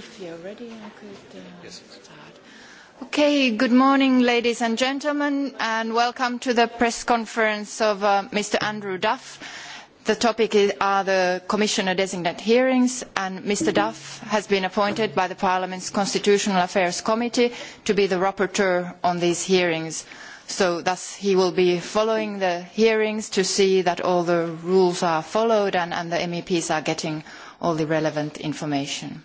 If you're ready, I could uh, yes. start. Okay, good morning, ladies and gentlemen, and welcome to the press conference of uh, Mr. Andrew Duff. The topic is, are the Commissioner-designate hearings, and Mr. Duff has been appointed by the Parliament's Constitutional Affairs Committee to be the rapporteur on these hearings. So thus he will be following the hearings to see that all the rules are followed and, and the MEPs are getting all the relevant information.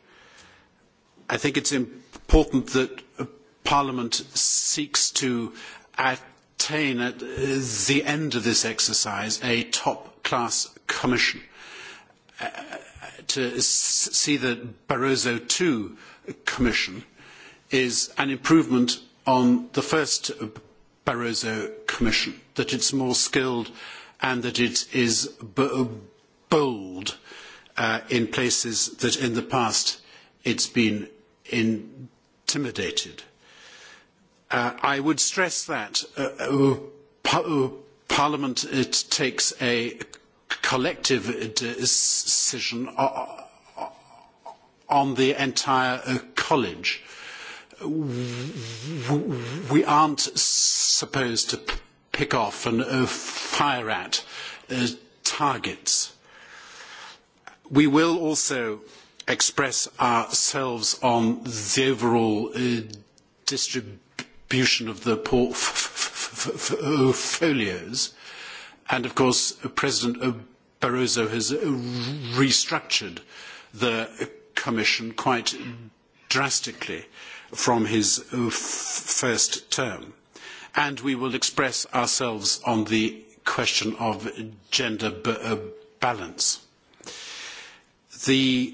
I think it is important that Parliament seeks to attain at the end of this exercise a top-class commission. Uh, to see that Barroso II commission is an improvement on the first Barroso commission, that it is more skilled and that it is bold uh, in places that in the past it has been intimidated. Uh, I would stress that uh, uh, uh Parliament takes a collective decision uh, uh, on the entire college. We aren't supposed to pick off and fire at targets. We will also express ourselves on the overall uh, distribution of the portfolios. And of course, President Barroso has restructured the Commission quite drastically from his first term. And we will express ourselves on the question of gender uh, balance. The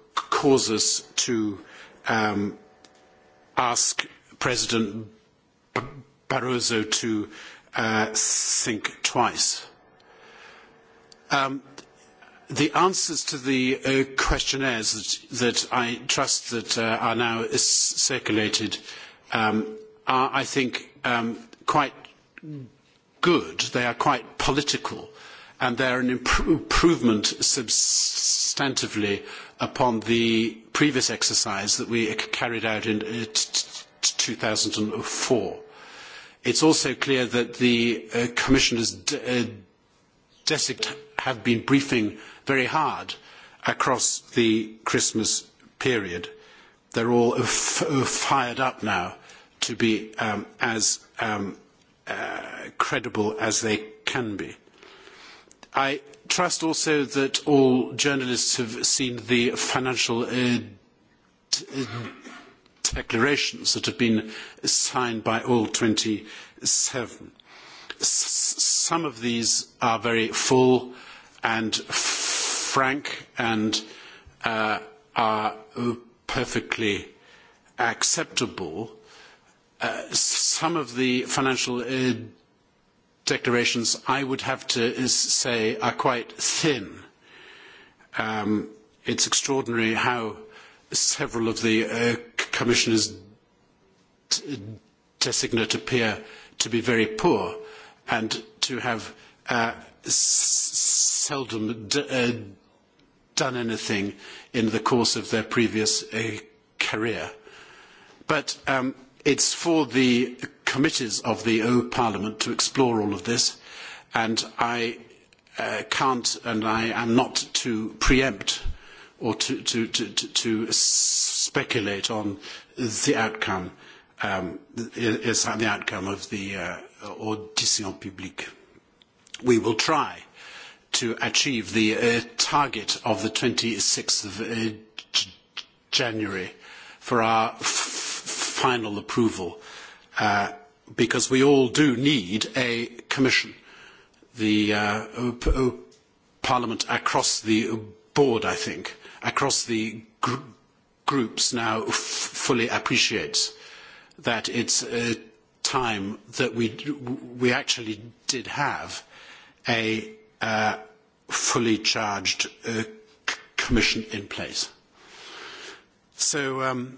cause us to um, ask President Barroso to uh, think twice. Um, the answers to the uh, questionnaires that, that I trust that uh, are now circulated um, are, I think, um, quite good. They are quite political and they are an improvement substantively upon the previous exercise that we carried out in uh, two thousand and four. It is also clear that the uh, commissioners uh, designate have been briefing very hard across the Christmas period. They are all fired up now to be um, as um, uh, credible as they can be. I trust also that all journalists have seen the financial uh, uh declarations that have been signed by all twenty seven. Some of these are very full and frank and uh, are perfectly acceptable. Uh, some of the financial uh, declarations, I would have to say, are quite thin. Um, it's extraordinary how several of the uh, commissioners designate appear to be very poor and to have uh, seldom uh, done anything in the course of their previous uh, career. But um, it's for the committees of the EU Parliament to explore all of this, and I uh, can't and I am not to preempt or to, to, to, to speculate on the outcome um, is the outcome of the uh, audition publique. We will try to achieve the uh, target of the 26th of uh, January for our final approval uh, because we all do need a commission. The uh, uh, Parliament across the board, I think, across the gr groups now fully appreciates that it's uh, time that we, we actually did have a uh, fully charged uh, commission in place. So um,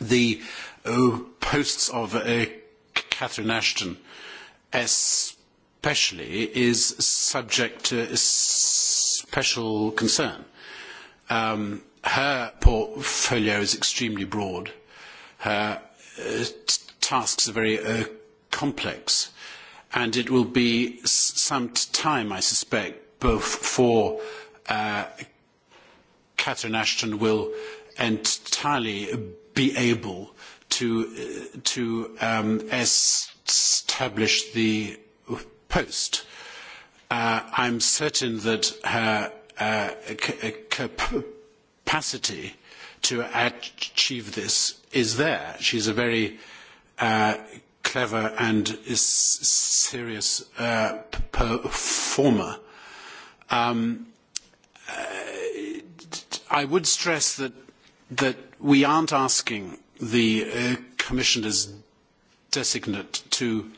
the uh, posts of uh, Catherine Ashton, especially, is subject to special concern. Um, her portfolio is extremely broad. Her uh, tasks are very uh, complex. And it will be some time, I suspect, before uh, Catherine Ashton will entirely be able to, uh, to um, establish the post. Uh, I'm certain that her uh, uh capacity to achieve this is there. She's a very uh, clever and serious uh, performer. Um, uh, I would stress that that we aren't asking the uh, commissioners designate to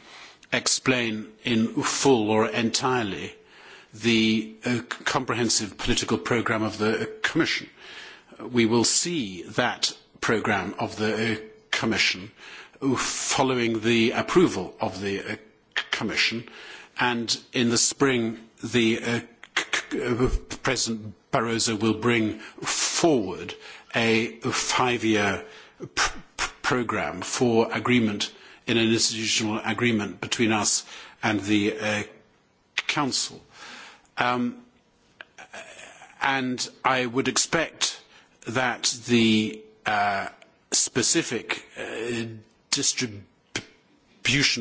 explain in full or entirely the uh, comprehensive political programme of the uh, Commission. We will see that programme of the uh, Commission following the approval of the uh, Commission and in the spring the uh, uh, President Barroso will bring forward a five-year pr pr program for agreement in an institutional agreement between us and the uh, Council. Um, and I would expect that the uh, specific uh, distribution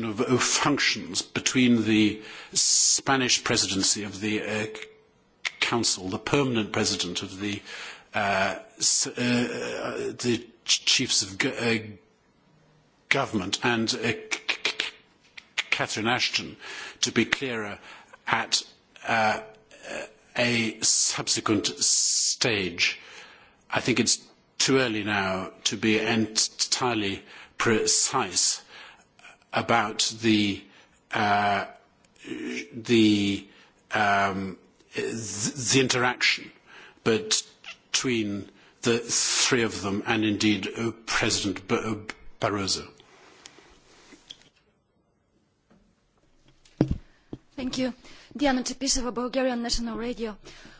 of, functions between the Spanish presidency of the uh, Council, the permanent president of the Uh, uh, the chiefs of go uh, government and uh, Catherine Ashton to be clearer at uh, a subsequent stage. I think it's too early now to be entirely precise about the uh, the um, the interaction, but between the three of them and indeed uh, President B uh, Barroso? Thank you. Diana Tepisova, Bulgarian National Radio.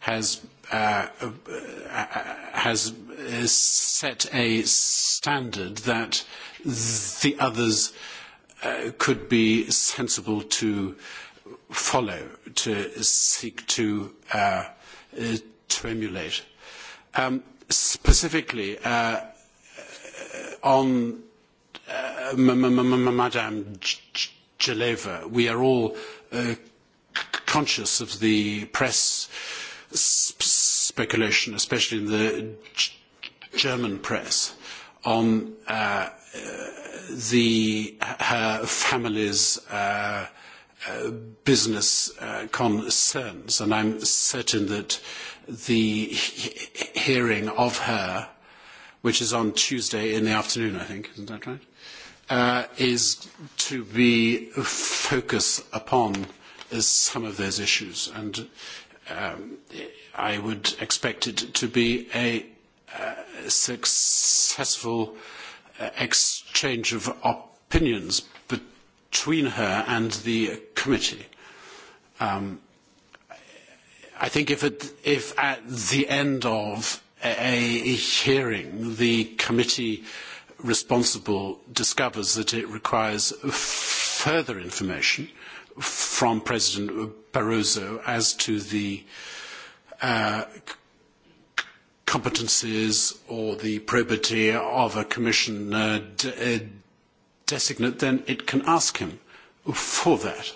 has, uh, uh has uh, set a standard that the others uh, could be sensible to follow, to seek to, uh, uh, to emulate. Um, specifically, uh, uh on uh, Madame Geleva, we are all uh, conscious of the press uh, speculation, especially in the German press, on uh, the her family's uh, uh, business uh, concerns, and I'm certain that the he hearing of her, which is on Tuesday in the afternoon, I think, isn't that right? Uh, is to be focus upon some of those issues, and um, I would expect it to be a uh, successful uh, exchange of opinions between her and the committee. Um, I think if, it, if at the end of a hearing the committee responsible discovers that it requires further information from President Barroso as to the uh, competencies or the probity of a commission uh, uh, designate, then it can ask him for that.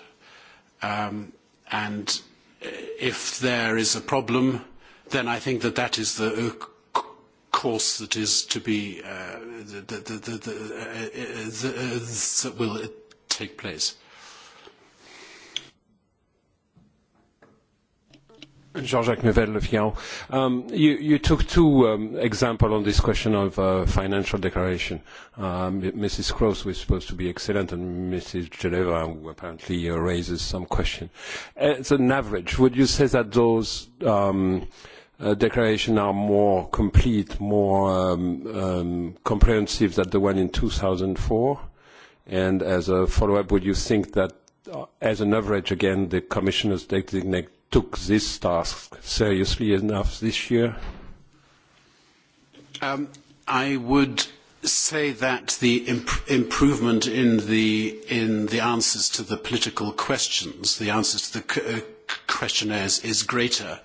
Um, and if there is a problem, then I think that that is the uh, course that is to be uh, the, the, the, the, uh, uh the, uh, that will take place. Jean-Jacques Mevel, Le Fillon. Um, you, you took two um, examples on this question of uh, financial declaration. Um Mrs. Cross was supposed to be excellent, and Mrs. Geneva, who apparently uh, raises some question. As an average, would you say that those um, uh, declarations are more complete, more um, um, comprehensive than the one in 2004? And as a follow-up, would you think that, uh, as an average, again, the commissioners designate took this task seriously enough this year? Um, I would say that the imp improvement in the, in the answers to the political questions, the answers to the uh, questionnaires, is greater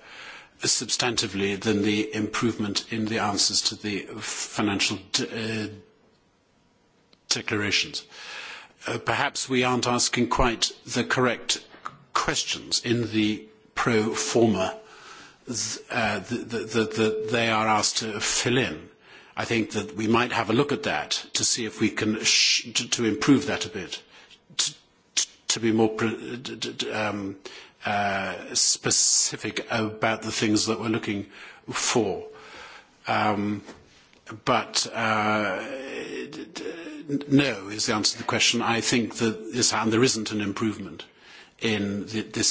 substantively than the improvement in the answers to the financial de uh, declarations. Uh, perhaps we aren't asking quite the correct questions in the pro forma uh, that they are asked to fill in. I think that we might have a look at that to see if we can sh to, to improve that a bit, to, to be more pre um, uh, specific about the things that we're looking for. Um, but uh, no is the answer to the question. I think that this, and there isn't an improvement in the, this